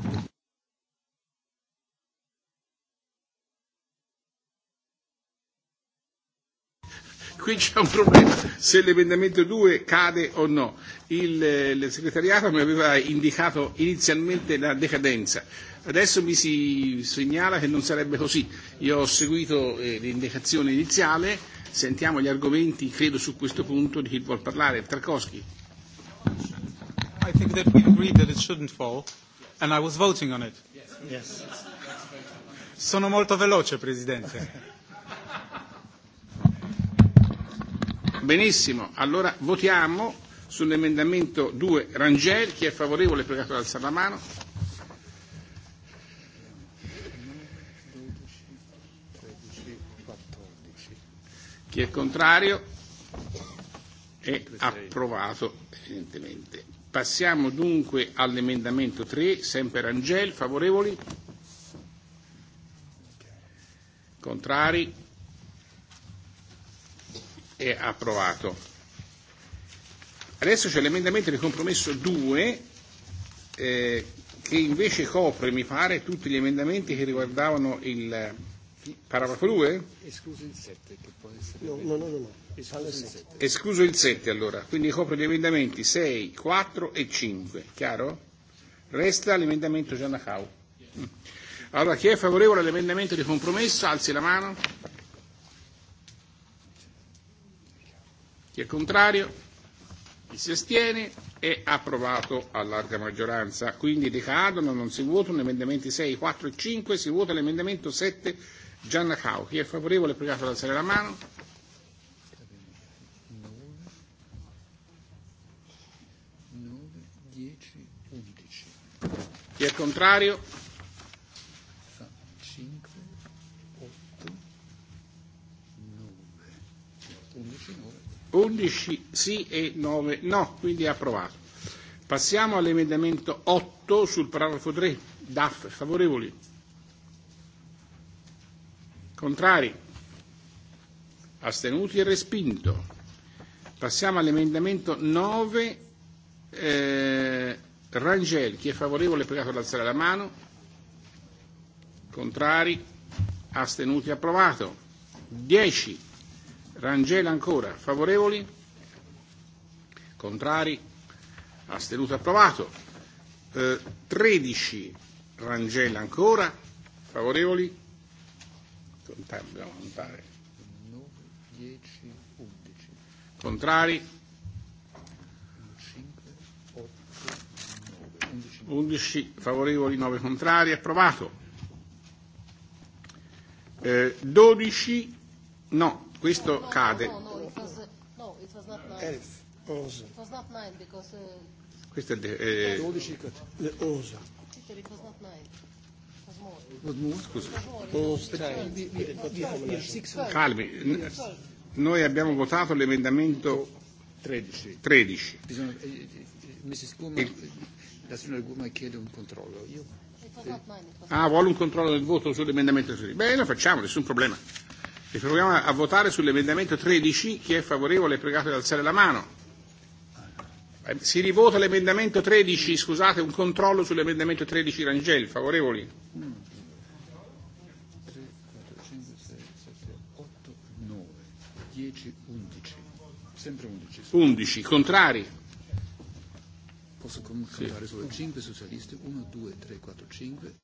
qui c'è un problema se l'emendamento 2 cade o no. Il, eh, il segretariato mi aveva indicato inizialmente la decadenza. Adesso mi si segnala che non sarebbe così. Io ho seguito eh, l'indicazione iniziale, sentiamo gli argomenti, credo su questo punto, di chi vuol parlare. Tarkovsky. I think that we agreed that it shouldn't fall, and I was voting on it. Yes. yes. Sono molto veloce, Presidente. Benissimo, allora votiamo sull'emendamento 2 Rangel, chi è favorevole è pregato ad alzare la mano. Chi è contrario è approvato, evidentemente. Passiamo dunque all'emendamento 3, sempre Rangel, favorevoli? Contrari? è approvato. Adesso c'è l'emendamento di compromesso 2 eh, che invece copre, mi pare, tutti gli emendamenti che riguardavano il paragrafo 2? Escluso il 7 che può essere. No, no, no, no, no. Escluso, il 7. Escluso il 7 allora, quindi copre gli emendamenti 6, 4 e 5, chiaro? Resta l'emendamento Giannacau. Allora chi è favorevole all'emendamento di compromesso alzi la mano. Chi è contrario? Chi si astiene? È approvato a larga maggioranza. Quindi decadono, non si votano emendamenti 6, 4 e 5, si vota l'emendamento 7 Giannacao. Chi è favorevole è pregato ad alzare la mano. Chi è contrario? 11 sì e 9 no, quindi è approvato. Passiamo all'emendamento 8 sul paragrafo 3. DAF, favorevoli? Contrari? Astenuti e respinto. Passiamo all'emendamento 9. Eh, Rangel, chi è favorevole è pregato ad alzare la mano. Contrari? Astenuti? Approvato. 10 Rangel ancora. Favorevoli? Contrari? Astenuto approvato. Eh, 13. Rangel ancora. Favorevoli? Contare, dobbiamo contare. 9, 10, 11. Contrari? 5, 8, 9, 11. 11 favorevoli, 9 contrari. Approvato. Eh, 12. No, questo no, cade. No, no, no, it was, uh, no, it was not 9. Osa. It was not 9 because... Uh, questo è il... Eh, 12 le osa. It was not 9. Scusa. Eh. Calmi, noi abbiamo votato l'emendamento 13. 13. Bisogna, Mrs. Guma, e... La signora Guma chiede un controllo. Io... Ah, vuole un controllo del voto sull'emendamento 13. Beh, lo facciamo, nessun problema. Ci e troviamo a votare sull'emendamento 13. Chi è favorevole è pregato di alzare la mano. Eh, si rivota l'emendamento 13, scusate, un controllo sull'emendamento 13 Rangel, favorevoli? 1, 2, 3, 4, 5, 6, 7, 8, 9, 10, 11. Sempre 11. 11, contrari? Posso contare sì. solo 5 socialisti, 1, 2, 3, 4, 5.